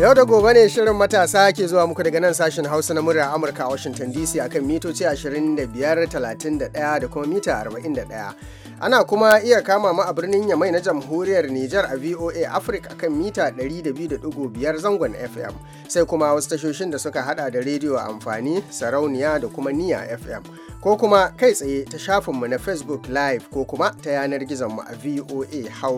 Yau da gobe ne shirin matasa ke zuwa muku daga nan sashen Hausa na murya Amurka a Washington DC akan mitoci 25, 31 da kuma mita 41. Ana kuma iya kama mu a birnin Yamai na Jamhuriyar Niger a VOA Africa kan mita 200.5 zangon FM. Sai kuma wasu tashoshin da suka hada da rediyo amfani, sarauniya da kuma niya FM. ko kuma kai tsaye ta shafinmu na facebook live ko kuma ta yanar gizonmu a voa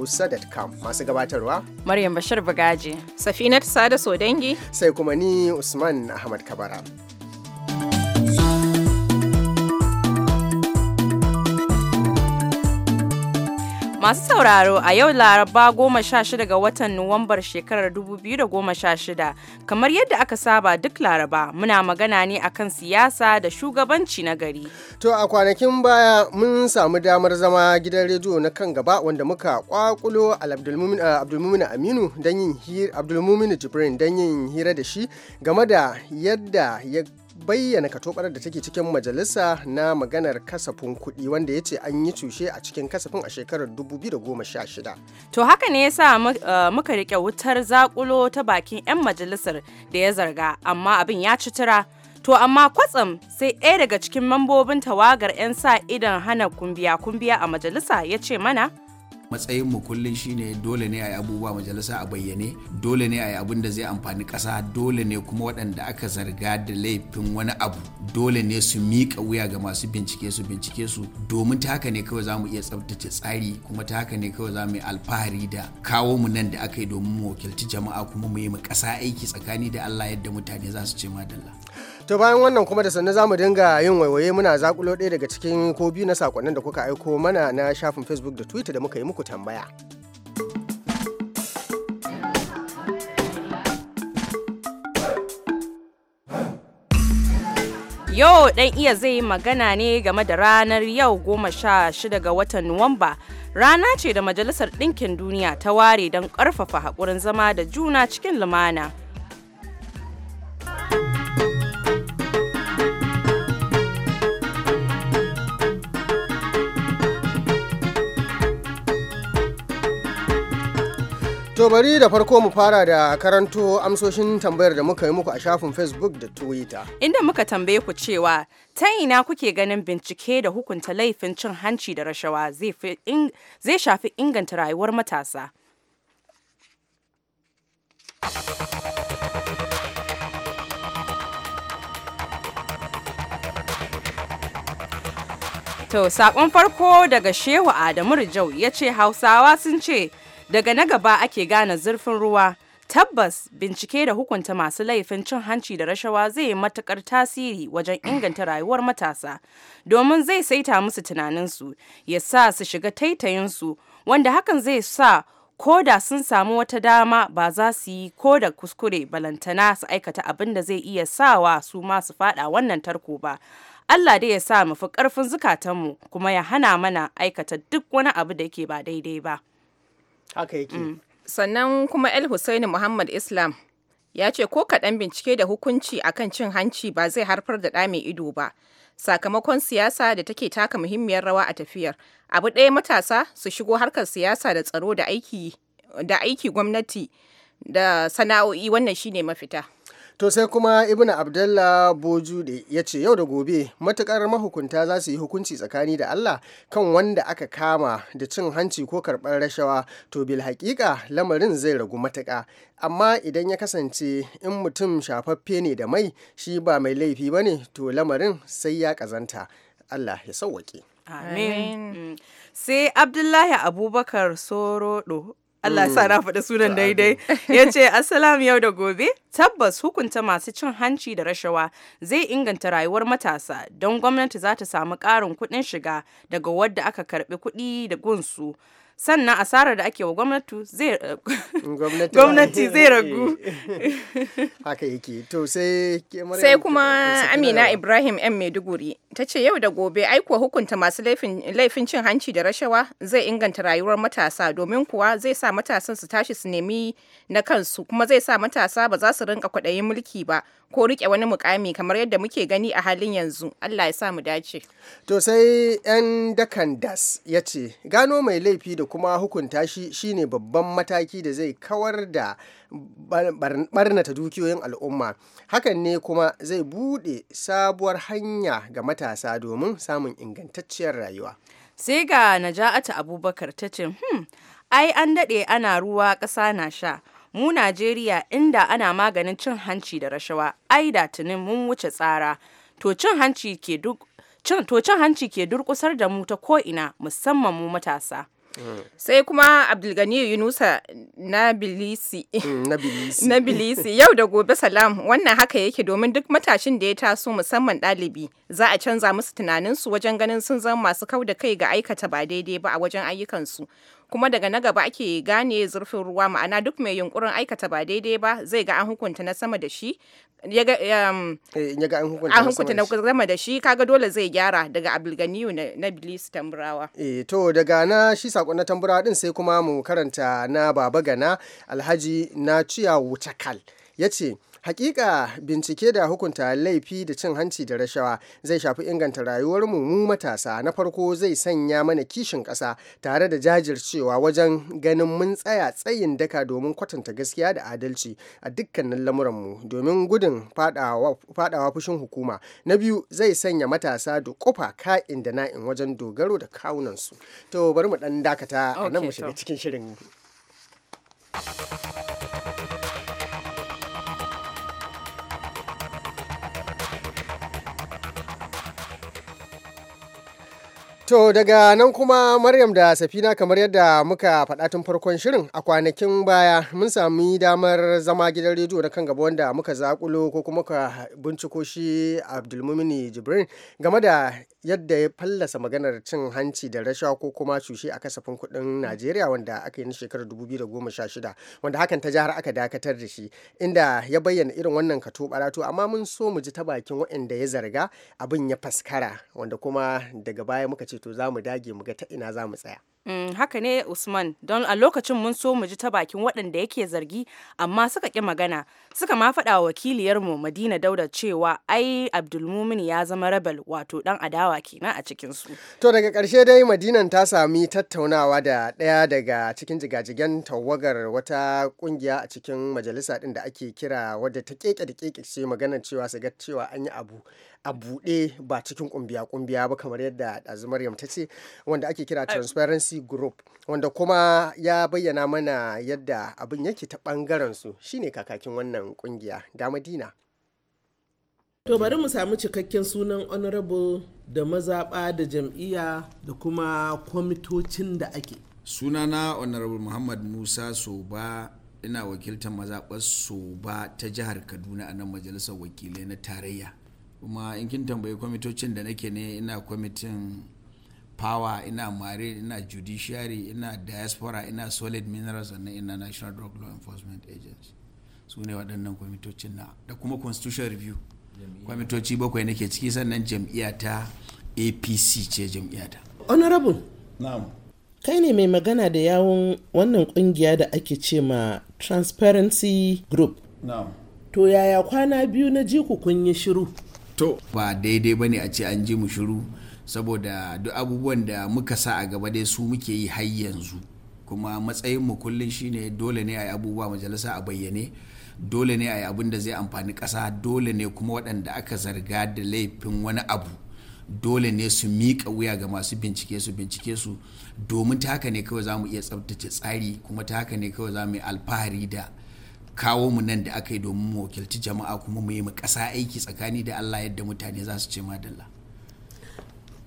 masu gabatarwa maryam bashir bugaji safinat sada dangi? sai kuma ni usman ahmad kabara Masu sauraro a yau Laraba goma sha shida ga watan Nuwambar shekarar 2016 kamar yadda aka saba duk Laraba muna magana ne akan siyasa da shugabanci na gari. To a kwanakin baya mun samu damar zama gidan rediyo na kan gaba wanda muka kwakulo eh, Abdulmumin Aminu don Jibrin don yin hira da shi game da yadda ya bayyana katobar da take cikin majalisa na maganar kasafin kuɗi wanda ya ce an yi cushe a cikin kasafin a shekarar 2016. To haka ne ya sa eh, muka riƙe wutar zakulo ta bakin 'yan majalisar da ya zarga amma abin ya ci tura. To amma kwatsam sai ɗaya daga cikin mambobin tawagar 'yan sa idan hana kumbiya-kumbiya a majalisa ya ce mana. matsayin mu shine dole ne a yi abubuwa majalisa a bayyane dole ne a yi abin da zai amfani ƙasa dole ne kuma waɗanda aka zarga da laifin wani abu dole ne su miƙa wuya ga masu bincike su bincike su domin ta haka ne kawai za mu iya tsabtace tsari kuma ta haka ne kawai za mu yi alfahari da kawo mu nan da aka yi domin mu wakilci jama'a kuma mu yi mu ƙasa aiki tsakani da Allah yadda mutane za su ce madalla. to bayan wannan kuma da sannu za mu dinga yin waiwaye muna zakulo ɗaya daga cikin ko biyu na sakonnin da kuka aiko mana na shafin facebook da twitter da muka yi muku tambaya Yau dan iya zai magana ne game da ranar yau goma sha shida ga watan Nuwamba. Rana ce da Majalisar Ɗinkin Duniya ta ware don ƙarfafa haƙurin zama da juna cikin lumana. To bari da farko mu fara da karanto amsoshin tambayar da muka yi muku a shafin Facebook da Twitter. Inda muka tambaye ku cewa ta ina kuke ganin bincike da hukunta laifin cin hanci da rashawa zai shafi inganta rayuwar matasa. To, saƙon farko daga Shehu Adamu Rijau ya ce Hausawa sun ce daga na gaba ake gane zurfin ruwa tabbas bincike da hukunta masu laifin cin hanci da rashawa zai yi matukar tasiri wajen inganta rayuwar matasa domin zai saita musu tunaninsu ya sa su shiga taitayinsu wanda hakan zai sa ko da sun samu wata dama ba za su yi ko da kuskure balantana su aikata abin da zai iya sawa su masu fada wannan tarko ba Allah dai ya sa mu fi karfin zukatanmu kuma ya hana mana aikata duk wani abu da yake ba daidai ba. haka yake mm. sannan kuma el Hussaini muhammad islam ya ce ko kaɗan bincike da hukunci akan cin hanci ba zai harfar da ɗa mai ido ba sakamakon siyasa da take taka muhimmiyar rawa a tafiyar abu ɗaya matasa su shigo harkar siyasa da tsaro da aiki da aiki gwamnati da sana'o'i wannan shine mafita to sai kuma ibn abdallah bojude ya ce yau da gobe matukar mahukunta za su yi hukunci tsakani da allah kan wanda aka kama da cin hanci ko karɓar rashawa to bil haƙiƙa lamarin zai ragu matuƙa amma idan ya kasance in mutum shafaffe ne da mai shi ba mai laifi ba ne to lamarin sai ya ƙazanta allah ya sauwaƙe Amin. Mm. Sai Abdullahi Abubakar Sorodo Allah sa na faɗi sunan daidai ya ce assalam yau da gobe tabbas hukunta masu cin hanci da rashawa zai inganta rayuwar matasa don gwamnati za ta samu ƙarin kuɗin shiga daga wadda aka karɓi kuɗi da gunsu sannan asarar da ake wa gwamnati zai ragu haka yake to sai kuma amina ibrahim yan maiduguri ta ce yau da gobe aiko hukunta masu laifin cin hanci da rashawa zai inganta rayuwar matasa domin kuwa zai sa matasan su tashi su nemi na kansu kuma zai sa matasa ba za su rinka kwaɗayin mulki ba ko riƙe wani mukami kamar yadda muke gani a halin yanzu allah ya sa mu dace to sai yan dakan das ya ce gano mai laifi da kuma hukunta shi shine babban mataki da zai kawar da barnata dukiyoyin al'umma hakan ne kuma zai buɗe sabuwar hanya ga matasa domin samun ingantacciyar rayuwa sai ga naja'atu abubakar ta ce hmm, ai an daɗe ana ruwa ƙasa na sha mu najeriya inda ana maganin cin hanci da rashawa ai da tunin mun wuce tsara to cin hanci ke duk to cin hanci ke durkusar da mu ta ko'ina musamman mu matasa sai kuma abdulgani yunusa na bilisi mm, bilisi yau da gobe salam wannan haka yake domin duk matashin da ya taso musamman ɗalibi za a canza musu tunaninsu wajen ganin sun zama masu kau da kai ga aikata ba daidai ba a wajen ayyukansu kuma daga na gaba ake gane zurfin ruwa ma'ana duk mai yunkurin aikata ba daidai ba zai ga an hukunta na sama da shi um, eh, na sama da shi kaga dole zai gyara daga abdulganiyu na bilis tamburawa eh, to daga na shi sakon na tamburawa din sai kuma mu karanta na baba gana alhaji na ciya takal ya ce hakika bincike da hukunta laifi da cin hanci da rashawa zai shafi inganta rayuwar mu mu matasa na farko zai sanya mana kishin ƙasa tare da jajircewa wajen ganin mun tsaya tsayin daka domin kwatanta gaskiya da adalci a dukkanin lamuran mu domin gudun fadawa fushin hukuma na biyu zai sanya matasa da kofa ka'in da na'in wajen dogaro da su to bari mu dan dakata a nan mu shiga cikin shirin To daga nan kuma Maryam da Safina kamar yadda muka faɗa tun farkon shirin a kwanakin baya mun sami damar zama gidan rediyo na kan gaba wanda muka zakulo ko kuma ka binciko shi Abdulmumini Jibrin game da yadda ya fallasa maganar cin hanci da rashawa ko kuma cushe a kasafin kuɗin Najeriya wanda aka yi na shekarar 2016 wanda hakan ta jihar aka dakatar da shi inda ya bayyana irin wannan kato barato amma mun so mu ji ta bakin waɗanda ya zarga abin ya faskara wanda kuma daga baya muka ce to za mu dage mu ga ta ina za mu tsaya mm, haka ne Usman don a lokacin mun so mu ji ta bakin waɗanda yake zargi amma suka ƙi magana suka ma faɗa wa wakiliyarmu Madina Dauda cewa ai Abdulmumin ya zama rabal wato ɗan adawa kenan a cikinsu. To daga ƙarshe dai Madinan ta sami tattaunawa da ɗaya daga cikin jigajigen tawagar wata ƙungiya a cikin majalisa ɗin da ake kira wadda ta keke da keke ce maganar cewa su ga cewa an yi abu a buɗe ba cikin kumbiya-kumbiya ba kamar yadda ɗazu Maryam ta ce wanda ake kira Transparency Group wanda kuma ya bayyana mana yadda abin yake ta ɓangaren su shine kakakin wannan kungiya Damadina. To bari mu samu cikakken sunan honorable da mazaɓa da jam'iyya da kuma kwamitocin da ake. Sunana honorable Muhammad Musa Soba ina wakiltar mazaɓar Soba ta jihar Kaduna a nan majalisar wakilai na tarayya. kuma in kin tambayi kwamitocin da nake ne ina kwamitin power ina mare ina judiciary ina diaspora ina solid minerals sannan ina national drug law enforcement agency su ne waɗannan kwamitocin na da kuma constitutional review kwamitoci bakwai nake ciki sannan jam'iyya ta apc ce jam'iyya ta honorable na'am kai ne mai magana da yawon wannan kungiya da ake ce ma transparency group to yaya kwana biyu na ji ku kun yi shiru to ba daidai ba ne a ce an ji mu shiru saboda duk abubuwan da muka sa a gaba dai su muke yi har yanzu kuma matsayin mu kullum shine dole ne a yi abubuwa majalisa a bayyane dole ne a yi abin da zai amfani ƙasa dole ne kuma waɗanda aka zarga da laifin wani abu dole ne su miƙa wuya ga masu bincike su bincike su domin ta haka ne kawai za mu iya tsabtace tsari kuma ta haka ne kawai za mu yi alfahari da kawo mu nan da aka yi domin mu wakilci jama'a kuma mu yi mu ƙasa aiki tsakani da Allah yadda mutane za su ce madalla.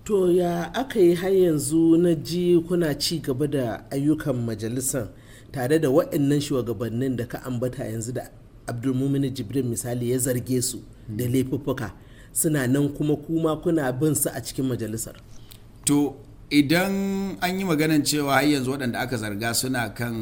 To ya aka yi har yanzu na ji kuna ci gaba da ayyukan majalisar tare da waɗannan shugabannin da ka ambata yanzu da Abdulmumin Jibrin misali ya zarge su da hmm. laifuffuka suna nan kuma kuma kuna bin su a cikin majalisar. To idan an yi maganan cewa har yanzu waɗanda aka zarga suna kan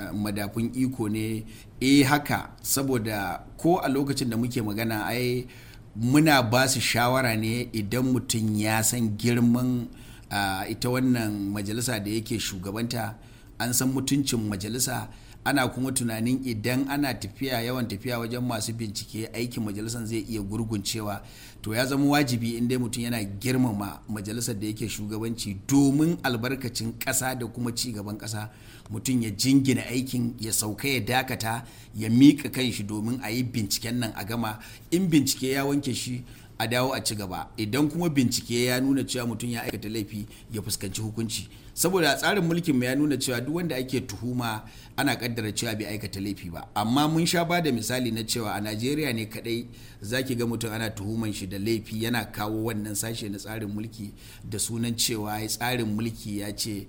eh, madafun iko ne eh haka saboda ko a lokacin da muke magana ai muna ba su shawara ne idan mutum ya san girman ah, ita wannan majalisa da yake shugabanta an san mutuncin majalisa ana kuma tunanin idan ana tafiya yawan tafiya wajen masu bincike aikin majalisar zai iya gurguncewa to ya zama wajibi in dai mutum yana girmama majalisar da yake shugabanci domin albarkacin ƙasa da kuma ci gaban ƙasa mutum ya jingina aikin ya sauka ya dakata ya miƙa shi domin a yi binciken nan a gama in bincike ya wanke shi a dawo a ci gaba idan kuma bincike ya nuna cewa mutum ya aikata laifi ya fuskanci hukunci saboda tsarin mulkin mu ya nuna cewa duk wanda ake tuhuma ana kaddara cewa bai aikata laifi ba amma mun sha ba da misali na cewa a Najeriya ne kadai zaki ga mutum ana tuhuman shi da laifi yana kawo wannan sashe na tsarin mulki da sunan cewa tsarin mulki ya ce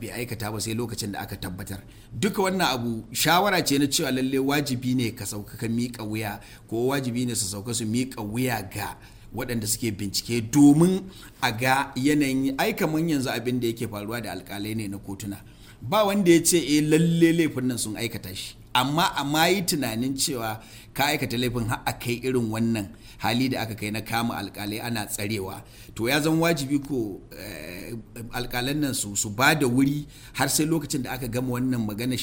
bai aikata ba sai lokacin da aka tabbatar duka wannan abu shawara ce na cewa lalle wajibi ne ka sauka ka miƙa wuya ko wajibi ne su sauka su miƙa wuya ga waɗanda suke bincike domin a ga yanayin ai kamar yanzu abin da yake faruwa da alkalai ne na kotuna ba wanda ya ce e lalle laifin nan sun aikata shi amma a ma yi tunanin cewa ka aikata laifin har a kai irin wannan hali da aka kai na kama alkalai ana tsarewa to ya zama wajibi ko eh, alkalan nan su ba da wuri har sai lokacin da aka gama wannan magana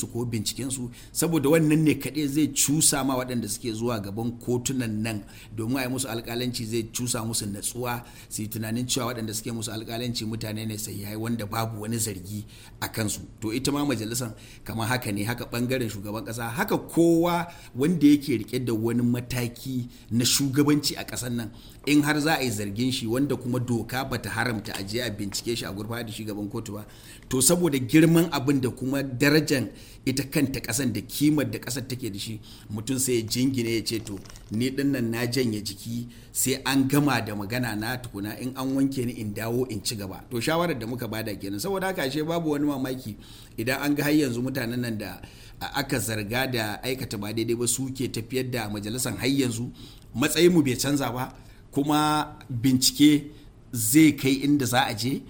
su ko binciken su saboda wannan ne kaɗai zai cusa ma waɗanda suke zuwa gaban kotunan nan domin a yi musu alkalanci zai cusa musu natsuwa su yi tunanin cewa waɗanda suke musu alkalanci mutane ne sai wanda babu wani zargi a kansu to ita ma majalisar kamar haka ne haka bangaren shugaban ƙasa haka kowa wanda yake rike da wani mataki na shugabanci a ƙasar nan in har za a yi zargin shi wanda kuma doka ba ta haramta a je a bincike shi a gurfa da shugaban kotu ba to saboda girman abin da kuma darajan ita kanta ƙasar da kimar da ƙasar take da shi mutum sai ya jingine ya ce to ni dinnan na janye jiki sai an gama da magana na tukuna in an wanke ni in dawo in ci gaba to shawarar da muka bada kenan saboda haka ashe babu wani mamaki idan an ga har yanzu mutanen nan da a aka zarga da aikata ba daidai ba suke tafiyar da majalisar har yanzu matsayinmu bai canza ba kuma bincike zai kai inda za a je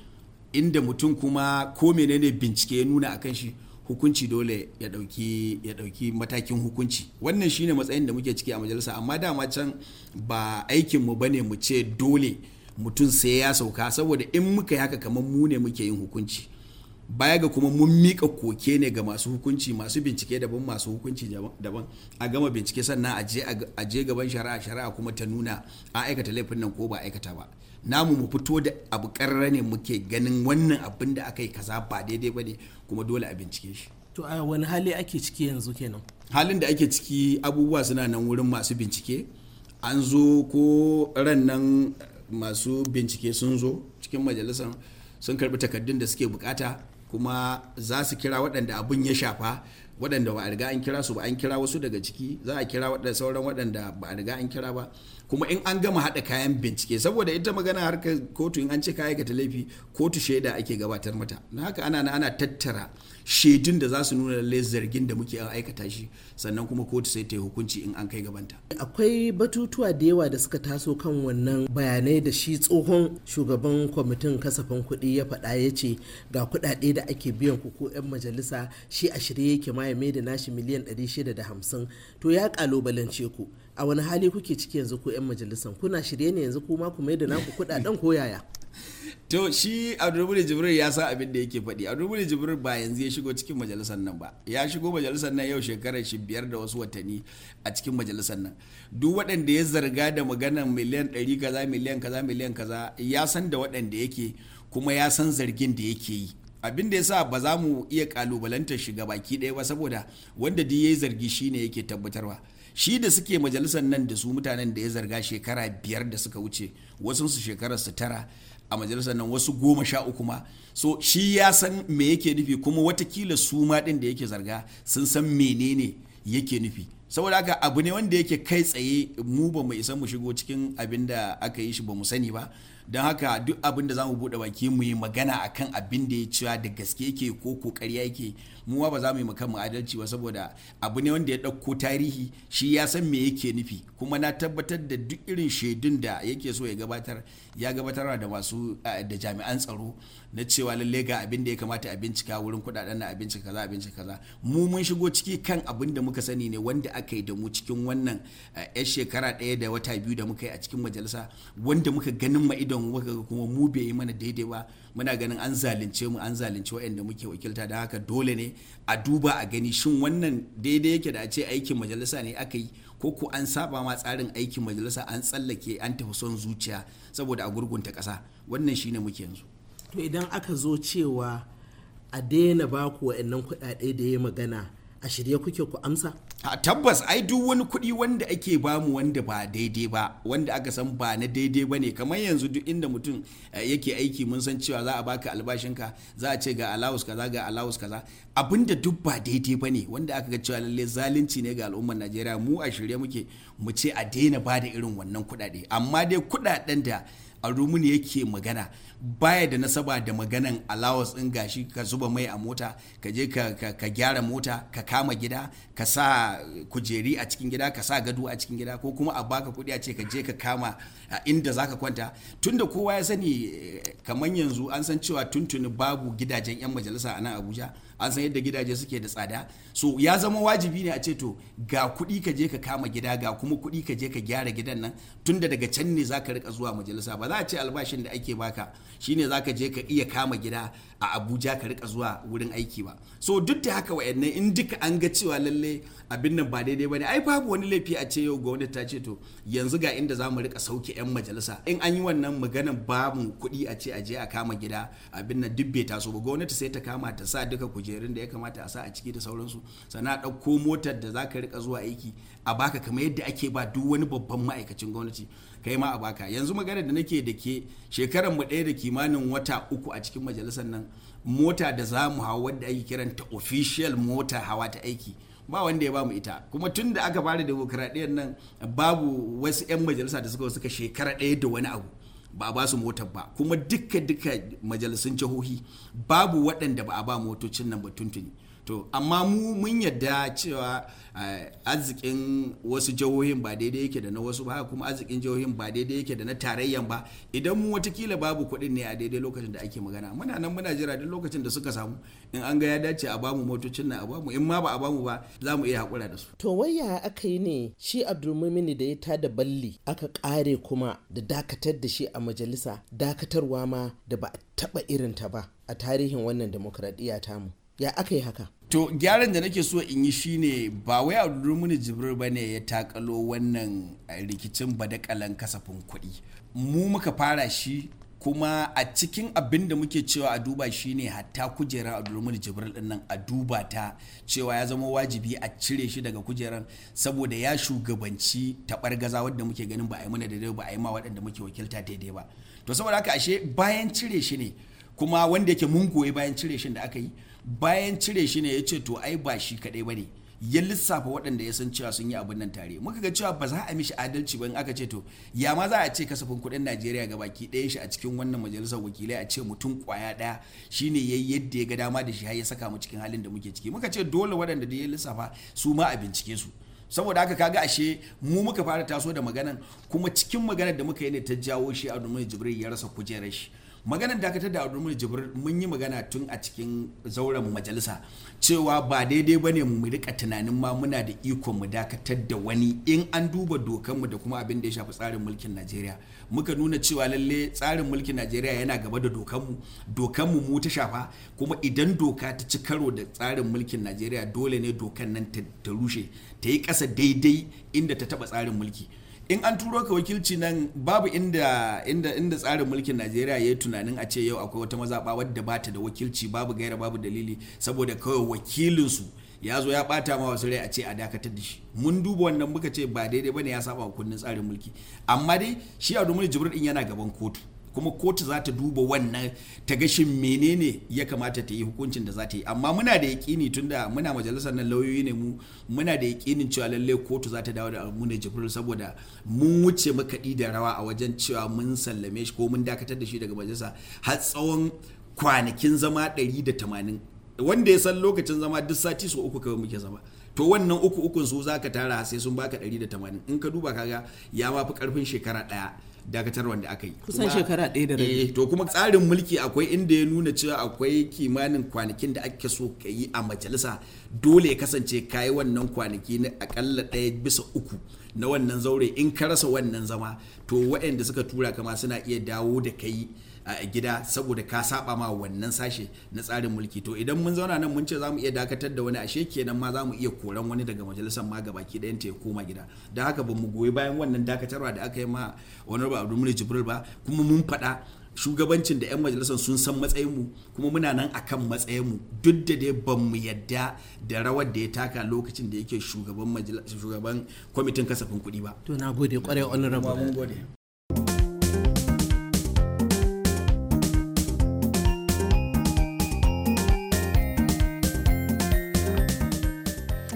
inda mutum kuma ko menene bincike ya nuna akan shi hukunci dole ya dauki ya dauki matakin hukunci wannan shine matsayin da muke ciki a majalisa amma dama can ba aikin mu bane mu ce dole mutum sai ya sauka saboda in muka yi haka kamar mu ne muke yin hukunci baya ga kuma mun mika koke ne ga masu hukunci masu bincike daban masu hukunci daban a gama bincike sannan a je gaban shari'a shari'a kuma ta nuna a aikata laifin nan ko ba aikata ba namu mu fito da abu karra ne muke ganin wannan abin da aka yi kaza ba daidai ba ne kuma dole a bincike shi to a wani hali ake ciki yanzu kenan halin da ake ciki abubuwa suna nan wurin masu bincike an zo ko ran nan masu bincike sun zo cikin majalisar sun karbi takardun da suke bukata kuma za su kira waɗanda abun ya shafa waɗanda ba a riga an kira su ba an kira wasu daga ciki za a kira waɗanda sauran waɗanda ba a riga an kira ba kuma in an gama haɗa kayan bincike saboda ita magana harka kotu in an ce ka aikata laifi kotu shaida ake gabatar mata na haka ana ana tattara shaidun da za su nuna lalle zargin da muke aikata shi sannan kuma kotu sai ta yi hukunci in an kai gabanta akwai batutuwa da yawa da suka taso kan wannan bayanai da shi tsohon shugaban kwamitin kasafin kuɗi ya faɗa ya ce ga kuɗaɗe da ake biyan ku ko 'yan majalisa shi a shirye yake ma ya da nashi miliyan 650 to ya kalubalance ku a wani hali kuke ciki yanzu ko 'yan majalisan kuna shirye ne yanzu kuma ku mai da naku kuɗaɗen ko yaya to shi abdulmuni jibril ya sa abin da yake faɗi abdulmuni jibril ba yanzu ya shigo cikin majalisar nan ba ya shigo majalisar nan yau shekarar shi biyar da wasu watanni a cikin majalisar nan duk waɗanda ya zarga da maganar miliyan ɗari kaza miliyan kaza miliyan kaza ya san da waɗanda yake kuma ya san zargin da yake yi abin da ya sa ba za mu iya kalubalantar shiga baki ɗaya ba saboda wanda duk ya yi zargi shi ne yake tabbatarwa shi da suke majalisar nan da su mutanen da ya zarga shekara biyar da suka wuce wasu su shekarar su tara a majalisar nan wasu goma sha uku ma so shi ya san me yake nufi kuma watakila su ma ɗin da yake zarga sun san menene yake nufi saboda haka abu ne wanda yake kai tsaye mu ba mu isa mu shigo cikin abin da aka yi shi ba mu sani ba don haka duk abin da za mu buɗe baki mu yi magana akan abin da ya cewa da gaske yake ko kokari yake mu ba za mu yi makan adalci ba saboda abu ne wanda ya ɗauko tarihi shi ya san me yake nufi kuma na tabbatar da duk irin shaidun da yake so ya gabatar ya gabatar da masu da jami'an tsaro na cewa lalle ga abin da ya kamata a bincika wurin kuɗaɗen na abinci kaza abinci kaza mu mun shigo ciki kan abin da muka sani ne wanda aka yi da mu cikin wannan yan shekara ɗaya da wata biyu da muka yi a cikin majalisa wanda muka ganin ma idon muka ga kuma mu bai yi mana daidai ba muna ganin an zalunce mu an zalunce waɗanda muke wakilta da haka dole ne a duba a gani shin wannan daidai yake da a ce aikin majalisa ne aka yi ko ko an saba ma tsarin aikin majalisa an tsallake an tafi son zuciya saboda a gurgunta ƙasa wannan shine muke yanzu to idan aka zo cewa a daina baku wa'annan kuɗaɗe da ya magana a shirye kuke ku amsa a tabbas ai duk wani kuɗi wanda ake bamu wanda ba daidai ba wanda aka san ba na daidai ba ne kamar yanzu duk inda mutum eh, yake aiki mun san cewa za a baka albashinka za a ce ga alawus kaza ga alawus kaza abinda duk ba daidai ba ne wanda aka ga cewa lalle zalunci ne ga al'ummar najeriya mu a shirye muke mu ce a daina ba da irin wannan kuɗaɗe amma dai kuɗaɗen da a rumuni yake magana baya da nasaba da maganan allowance din gashi ka zuba mai a mota ka je ka gyara mota ka kama gida ka sa kujeri a cikin gida ka sa gado a cikin gida ko kuma a baka kuɗi a ce ka je ka kama a inda zaka kwanta tunda kowa ya sani eh, kamar yanzu an san cewa tuntuni babu gidajen 'yan majalisa a nan abuja an san yadda gidaje suke da tsada so ya zama wajibi ne a ce to ga kuɗi ka je ka kama gida ga kuma kuɗi ka je ka gyara gidan nan tunda daga can ne za ka rika zuwa majalisa ba za a ce albashin da ake baka shine ka je ka iya kama gida a abuja ka rika zuwa wurin aiki ba so duk da haka waɗannan in duka an ga cewa lalle abin nan ba daidai bane ai babu wani laifi a ce yau gwamnati ta ce to yanzu ga inda za mu rika sauke yan majalisa in an yi wannan maganan babu kuɗi a ce a je a kama gida abin nan duk bai taso ba gwamnati sai ta kama ta sa duka kujerun da ya kamata a sa a ciki da sauransu sana ɗauko motar da za ka rika zuwa aiki a baka kamar yadda ake ba duk wani babban ma'aikacin gwamnati kai ma a baka yanzu magana da nake da ke shekaran mu ɗaya da kimanin wata uku a cikin majalisar nan mota da za mu hawa wadda ake ta official mota hawa ta aiki ba wanda ya ba mu ita kuma tun da aka fara demokradiyyar nan babu wasu 'yan majalisa da suka suka shekara ɗaya da wani abu ba a ba su motar ba kuma duka duka majalisun jihohi babu waɗanda ba a ba motocin nan ba tuntuni to amma mu mun yadda cewa eh, arzikin wasu jihohin ba daidai yake da na wasu ba kuma arzikin jihohin ba daidai yake da na tarayyan ba idan mu watakila babu kuɗin ne a daidai lokacin da ake magana muna nan muna jira duk lokacin da suka samu in an ga ya dace a bamu motocin nan a bamu in ma ba a bamu ba za mu iya haƙura da su. to waya aka yi ne shi abdulmumini da ya ta da balli aka ƙare kuma da dakatar da shi a majalisa dakatarwa ma da ba a taɓa ta ba a tarihin wannan demokradiyya tamu ya aka yi haka to gyaran da nake so in yi shine ba wai a abdulmuni jibril ba ne ya takalo wannan eh, rikicin badakalan kasafin kuɗi mu muka fara shi kuma a cikin abin da muke cewa a duba shi ne hatta kujerar abdulmuni jibril din nan a duba ta cewa ya zama wajibi a cire shi daga kujerar saboda ya shugabanci taɓar gaza wadda muke ganin ba a yi mana daidai ba a yi ma waɗanda muke wakilta daidai ba to saboda haka ashe bayan cire shi ne kuma wanda yake mun goyi bayan cire shi da aka yi bayan cire shi ne ya ce to ai ba shi kaɗai ba ne ya lissafa waɗanda ya san cewa sun yi abin nan tare muka ga cewa ba za a mishi adalci ba in aka ce to ya ma za a ce kasafin kuɗin najeriya ga baki ɗaya shi a cikin wannan majalisar wakilai a ce mutum kwaya ɗaya shine ya yi yadda ya ga dama da shi har ya saka mu cikin halin da muke ciki muka ce dole waɗanda da ya lissafa su ma a bincike su saboda haka kaga ashe mu muka fara taso da maganan kuma cikin maganar da muka yi ne ta jawo shi a jibril ya rasa kujerar shi maganar dakatar da mulki jibril mun yi magana tun a cikin zauren majalisa cewa ba daidai bane mu rika tunanin ma muna da ikon mu dakatar da wani in an duba dokanmu da kuma abin da ya shafi tsarin mulkin najeriya muka nuna cewa lalle tsarin mulkin najeriya yana gaba da dokanmu dokan mu ta shafa kuma idan doka ta ci karo da tsarin mulkin najeriya dole ne dokan nan ta rushe ta yi ƙasa daidai inda ta taɓa tsarin mulki in an turo ka wakilci nan babu inda tsarin mulkin Najeriya ya yi tunanin a ce yau akwai wata mazaɓa wadda ba ta da wakilci babu gaira babu dalili saboda kawai wakilinsu ya zo ya bata ma wasu rai a ce a dakatar da shi mun duba wannan muka ce ba daidai ne ya saba wa kundin tsarin mulki amma dai shi Abdulmumin Jibril din yana gaban kotu kuma kotu za ta duba wannan ta ga shin menene ya kamata ta yi hukuncin da za ta yi amma muna da yakini tunda muna majalisar nan lauyoyi ne mu muna da yakinin cewa lallai kotu za ta dawo da Amuna Jibril saboda mun wuce makaɗi da rawa a wajen cewa mun sallame shi ko mun dakatar da shi daga majalisa har tsawon kwanakin zama 180 wanda ya san lokacin zama duk sati so uku kawai muke zama to wannan uku ukun su zaka tara sai sun baka 180 in ka duba kaga ya ma fi karfin shekara daya dakatar wanda aka yi kusan shekara ɗaya da rabi eh, to kuma tsarin mulki akwai inda ya nuna cewa akwai kimanin kwanakin da ake so ka yi a majalisa dole ya kasance kayi wannan kwanaki na akalla ɗaya bisa uku na wannan zaure in ka rasa wannan zama to waɗanda suka tura kama suna iya dawo da kai a gida saboda ka saba ma wannan sashe na tsarin mulki to idan mun zauna nan mun ce za mu iya dakatar da wani ashe kenan ma za mu iya koran wani daga majalisar ma gabaki ɗayan ta ya koma gida da haka ba mu goyi bayan wannan dakatarwa da aka yi ma abdul mulki jibril ba kuma mun faɗa shugabancin da 'yan majalisar sun san matsayin mu kuma muna nan akan mu duk da dai ban mu yadda da rawar da ya taka lokacin da yake shugaban kwamitin kasafin kuɗi ba. To na gode kwarai honorable.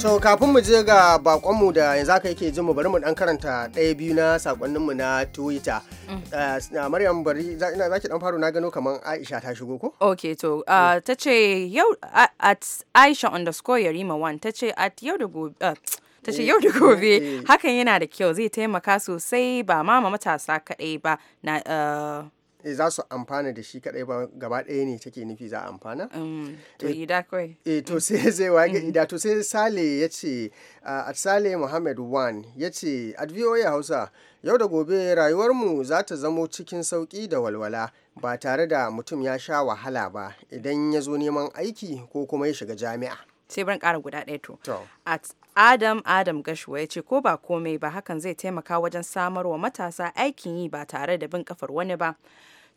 To kafin mu je ga bakonmu da yanzu aka yake jin mu bari mu dan karanta ɗaya biyu na sakonninmu na Twitter. Mm. Eh, Maryam bari za ki dan faru na gano kamar Aisha ta shigo ko? ok to uh, mm. ta ce yau at Aisha underscore Yarima 1 ta ce at yau da gobe uh, ta ce eh, yau da gobe eh. hakan yana da kyau zai taimaka sosai ba ma matasa kaɗai ba na uh, Eh, za su amfana da shi kadai ba gaba ɗaya ne take nufi za a amfana mm, to eh, ida kawai eh, to mm. sai zai mm. ida to sai sale ya ce a sale muhammad wan ya ce at ya hausa yau da gobe rayuwarmu za ta zamo cikin sauki da walwala ba tare da mutum ya sha wahala ba idan ya zo neman aiki ko kuma ya shiga jami'a sai barin ƙara guda ɗaya to at adam adam gashuwa ya ce ko ba komai ba hakan zai taimaka wajen samar wa matasa aikin yi ba tare da bin kafar wani ba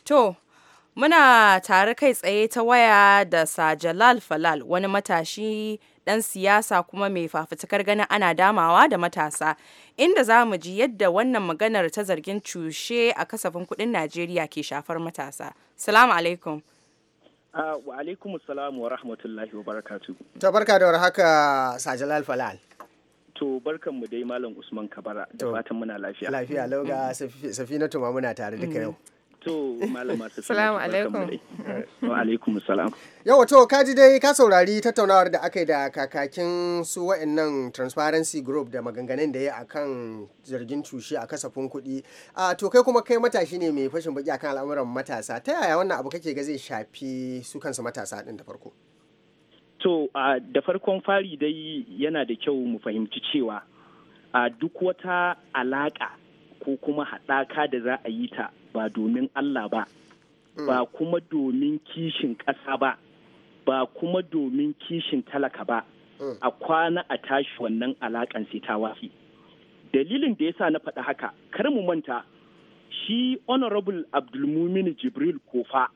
to muna tare kai tsaye ta waya da sa jalal falal wani matashi ɗan siyasa kuma mai fafutukar ganin ana damawa da matasa inda za mu ji yadda wannan maganar ta zargin cushe a kasafin kudin najeriya ke shafar matasa salamu alaikum Ah, wa alaikum salam wa rahmatullahi wa barakatu to barka da warhaka sajal falal to barkan mu dai malam usman kabara da fatan muna lafiya lafiya lauga mm. safina tuma muna tare duka mm. yau To, malama Salamu alaikum. Wa alaikum salam. Yawa to, kaji dai ka saurari tattaunawar da aka yi da kakakin su wa'annan Transparency Group da maganganun da ya a kan zargin cushe a kasafin kuɗi. A to kai kuma kai matashi ne mai fashin baki akan al'amuran matasa. Ta yaya wannan abu kake ga zai shafi su kansu matasa ɗin da farko? To, da farkon fari dai yana da kyau mu fahimci cewa a duk wata alaƙa ko kuma haɗaka da za a yi ta ba domin Allah ba ba mm. kuma domin kishin ƙasa ba ba kuma domin kishin talaka ba mm. a kwana a tashi wannan alaƙan sai ta wafi dalilin da ya sa na faɗa haka kar mu manta shi honorable abdulmumin jibril kofa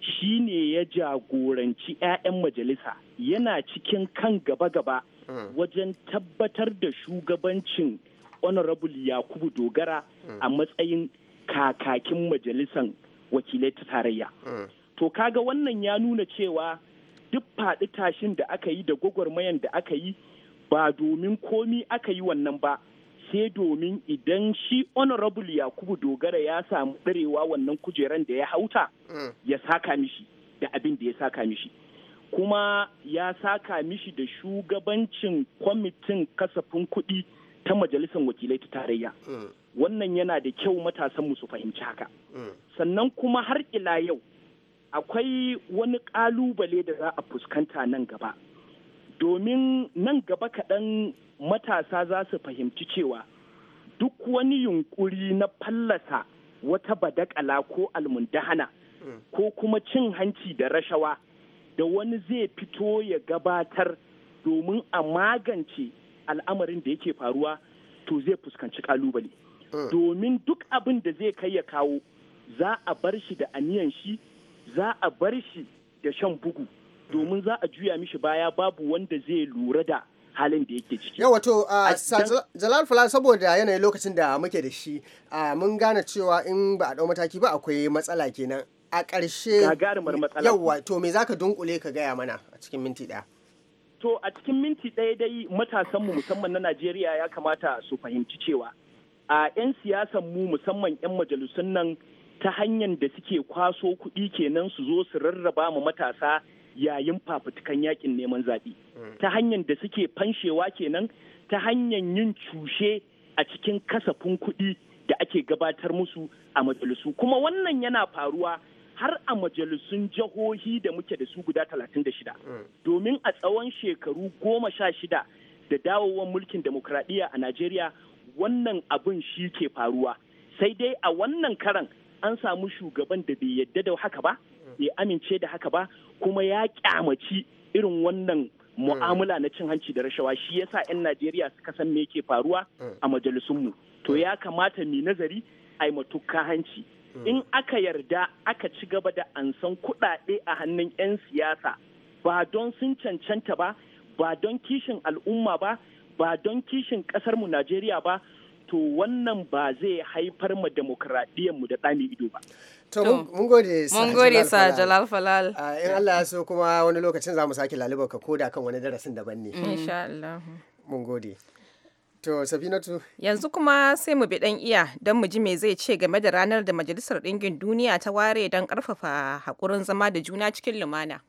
shi ne ya jagoranci 'ya'yan majalisa yana cikin kan gaba-gaba mm. wajen tabbatar da shugabancin honorable yakubu dogara a matsayin kakakin majalisan wakilai ta tarayya hmm. to kaga wannan ya nuna cewa duk faɗi tashin da aka yi da gwagwarmayan da aka yi ba domin komi aka yi wannan ba sai domin idan shi honorable yakubu dogara ya samu ɗarewa wannan kujeran da ya hauta hmm. ya saka mishi da abin da ya saka mishi kuma ya saka mishi da shugabancin kwamitin kasafin kuɗi ta majalisar wakilai ta tarayya hmm. wannan yana da kyau matasanmu su fahimci haka mm. sannan kuma har ila yau akwai wani ƙalubale da za a fuskanta nan gaba domin nan gaba kaɗan matasa za su fahimci cewa duk wani yunƙuri na fallasa wata badakala ko almundahana mm. ko kuma cin hanci da rashawa da wani zai fito ya gabatar domin a magance al'amarin da yake faruwa to zai fuskanci kalubale Eh. domin duk abin da zai kai ya kawo za a bar shi da aniyan shi za a bar shi da shan bugu domin za a juya mishi baya babu wanda zai lura da halin da yake ciki. Yawa to Jalal Fala saboda yanayin lokacin da muke da shi mun gane cewa in ba a dau mataki ba akwai matsala kenan. A ƙarshe yawa to me zaka dunkule ka gaya mana a cikin minti ɗaya? To a cikin minti ɗaya dai matasanmu musamman na Najeriya ya kamata su fahimci cewa a 'yan siyasan mu musamman 'yan majalisun nan ta hanyar da suke kwaso kuɗi kenan su zo su rarraba mu matasa yayin fafutukan yakin neman zaɓe hmm. ta hanyar da suke fanshewa kenan ta hanyar yin cushe a cikin kasafin kuɗi da ake gabatar musu a majalisu kuma wannan yana faruwa har a majalisun jihohi da muke da su guda 36 hmm. domin a tsawon shekaru goma sha shida da dawowar mulkin demokradiyya a najeriya wannan abin shi ke faruwa sai dai a wannan karan an samu shugaban da bai yadda da haka ba bai amince da haka ba kuma ya kyamaci irin wannan mu'amala na cin hanci da rashawa shi yasa 'yan najeriya suka san me yake faruwa a majalisunmu to ya kamata mai nazari a yi matuka hanci in aka yarda aka ci gaba da ansan kuɗaɗe a hannun 'yan siyasa ba don sun cancanta ba ba don kishin al'umma ba ba don kishin mu Najeriya ba to wannan ba zai haifar ma mu da tsami ido ba. To mun gode sa Mun gode sa Jalal Falal. Ah, in Allah ya so kuma wani lokacin za mu sake lalubar ka koda kan wani darasin daban ne. Mm. Insha Allah. Mun gode. To Sabinatu. Yanzu kuma sai mu bi dan iya don mu ji me zai ce game da ranar da Majalisar Dingin Duniya ta ware don ƙarfafa haƙurin zama da juna cikin lumana.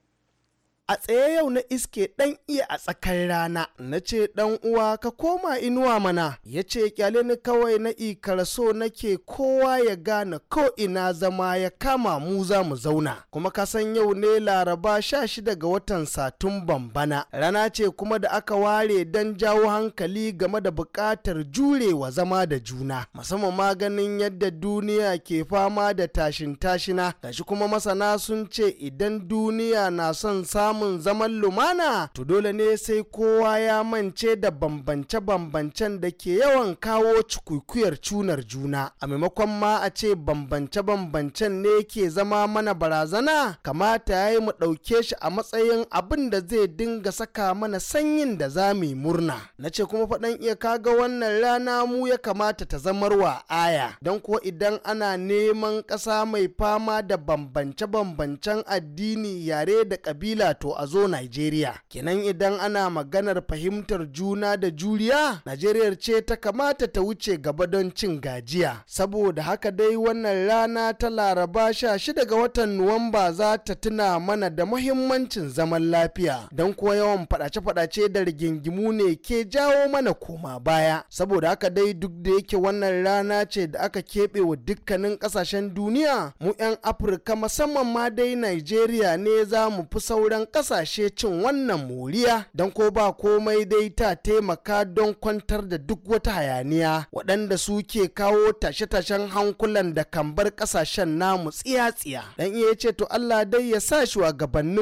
a tsaye yau na iske ɗan iya a tsakar rana na ce ɗan uwa ka koma inuwa mana ya ce kyale ni kawai na ikar so nake kowa ya gane ko ina zama ya kama mu za mu zauna kuma ka san yau ne laraba sha shida ga watan satumban bana rana ce kuma da aka ware don jawo hankali game da buƙatar jurewa zama da juna musamman maganin yadda duniya ke fama da tashin tashina gashi kuma masana sun ce idan duniya na son samun samun zaman lumana to dole ne sai kowa ya mance da bambance-bambancen da ke yawan kawo cikuikuyar cunar juna a maimakon ma a ce bambance-bambancen ne ke zama mana barazana kamata ya yi mu ɗauke shi a matsayin abin da zai dinga saka mana sanyin da za mu yi murna na ce kuma faɗan iya kaga wannan rana mu ya kamata ta zamarwa aya don ko idan ana neman ƙasa mai fama da bambance-bambancen addini yare da ƙabila wato a zo Najeriya. Kenan idan ana maganar fahimtar juna da juriya, Najeriya ce ta kamata ta wuce gaba don cin gajiya. Saboda haka dai wannan rana ta Laraba sha shida ga watan Nuwamba za ta tuna mana da muhimmancin zaman lafiya. Don kuwa yawan faɗace-faɗace da rigingimu ne ke jawo mana koma baya. Saboda haka dai duk da yake wannan rana ce da aka keɓe wa dukkanin ƙasashen duniya, mu 'yan Afirka musamman ma dai Najeriya ne za mu fi sauran kasashe cin wannan moriya don ko ba komai dai ta taimaka don kwantar da duk wata hayaniya waɗanda suke kawo tashe-tashen hankulan da kan bar kasashen namu tsiya-tsiya dan iya ce to Allah dai ya sa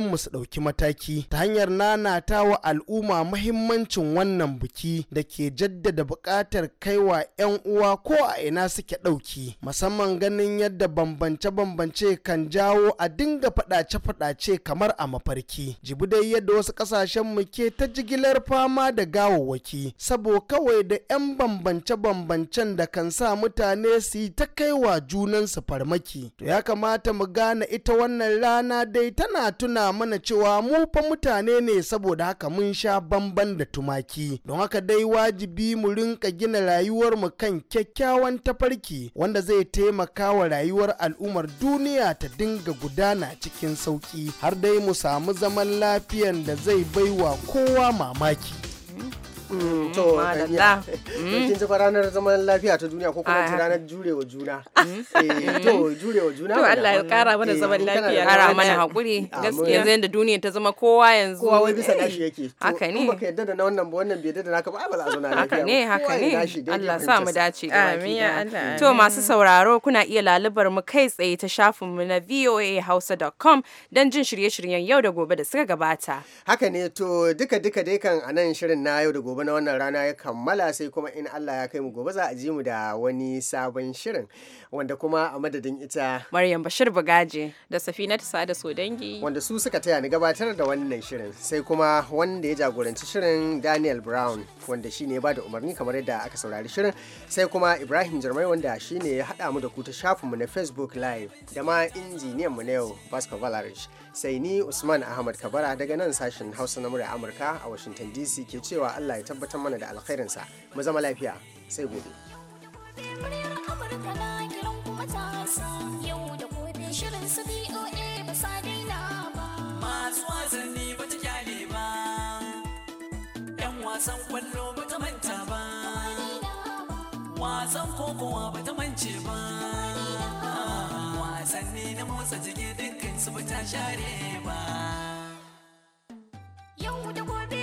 mu su ɗauki mataki ta hanyar nanata wa al'umma mahimmancin wannan biki da ke jaddada buƙatar kaiwa 'yan uwa ko a ina suke ɗauki musamman ganin yadda bambance-bambance kan jawo a dinga faɗace-faɗace kamar a mafarki jibi dai yadda wasu kasashen mu ke ta jigilar fama da gawawwaki sabo kawai da 'yan bambance-bambancen da kan sa mutane su yi ta kai kaiwa junansu farmaki to ya kamata mu gane ita wannan rana dai tana tuna mana cewa mu fa mutane ne saboda haka mun sha bamban da tumaki don haka dai wajibi mu rinka gina rayuwar mu kan kyakkyawan tafarki wanda zai taimaka wa rayuwar al'ummar duniya ta dinga gudana cikin sauki har dai mu samu zama zaman lafiyan da zai baiwa kowa mamaki Mm, mm, mm. to kin ji ranar zaman lafiya ta duniya ko kuma ranar jurewa juna eh, to jurewa juna to Allah ya kara mana eh, zaman lafiya kara mana hakuri gaskiya yanzu yanda duniya ta zama kowa yanzu kowa wai bisa gashi yake haka ne kuma ka yadda da na wannan ba wannan bai yadda da naka ba ba za a zauna lafiya haka ne haka ne Allah sa mu dace amin ya Allah to masu sauraro kuna iya lalubar mu kai tsaye ta shafin mu na voahausa.com don jin shirye-shiryen yau da gobe da suka gabata haka ne to duka duka dai kan anan shirin na yau da gobe gobe na wannan rana ya kammala sai kuma in Allah ya kai mu gobe za a ji mu da wani sabon shirin wanda kuma a madadin ita Maryam Bashir Bugaje da ta Sada Sodangi wanda su suka taya ni gabatar da wannan shirin sai kuma wanda ya jagoranci shirin Daniel Brown wanda shine ya bada umarni kamar yadda aka saurari shirin sai kuma Ibrahim Jarmai wanda shine ya haɗa mu da ku ta shafin mu na Facebook Live da ma injiniyan mu na yau Vasco Valarish sai ni usman ahmad kabara daga nan sashen hausa na murya amurka a washington dc ke cewa allah ya tabbatar mana da alkhairinsa mu zama lafiya sai gobe Masu wasanni ba ta ba, wasan kwallo ba ta manta ba, wasan kokowa ba ta mance ba, wasanni na motsa jike su ta share ba. Yau da gobe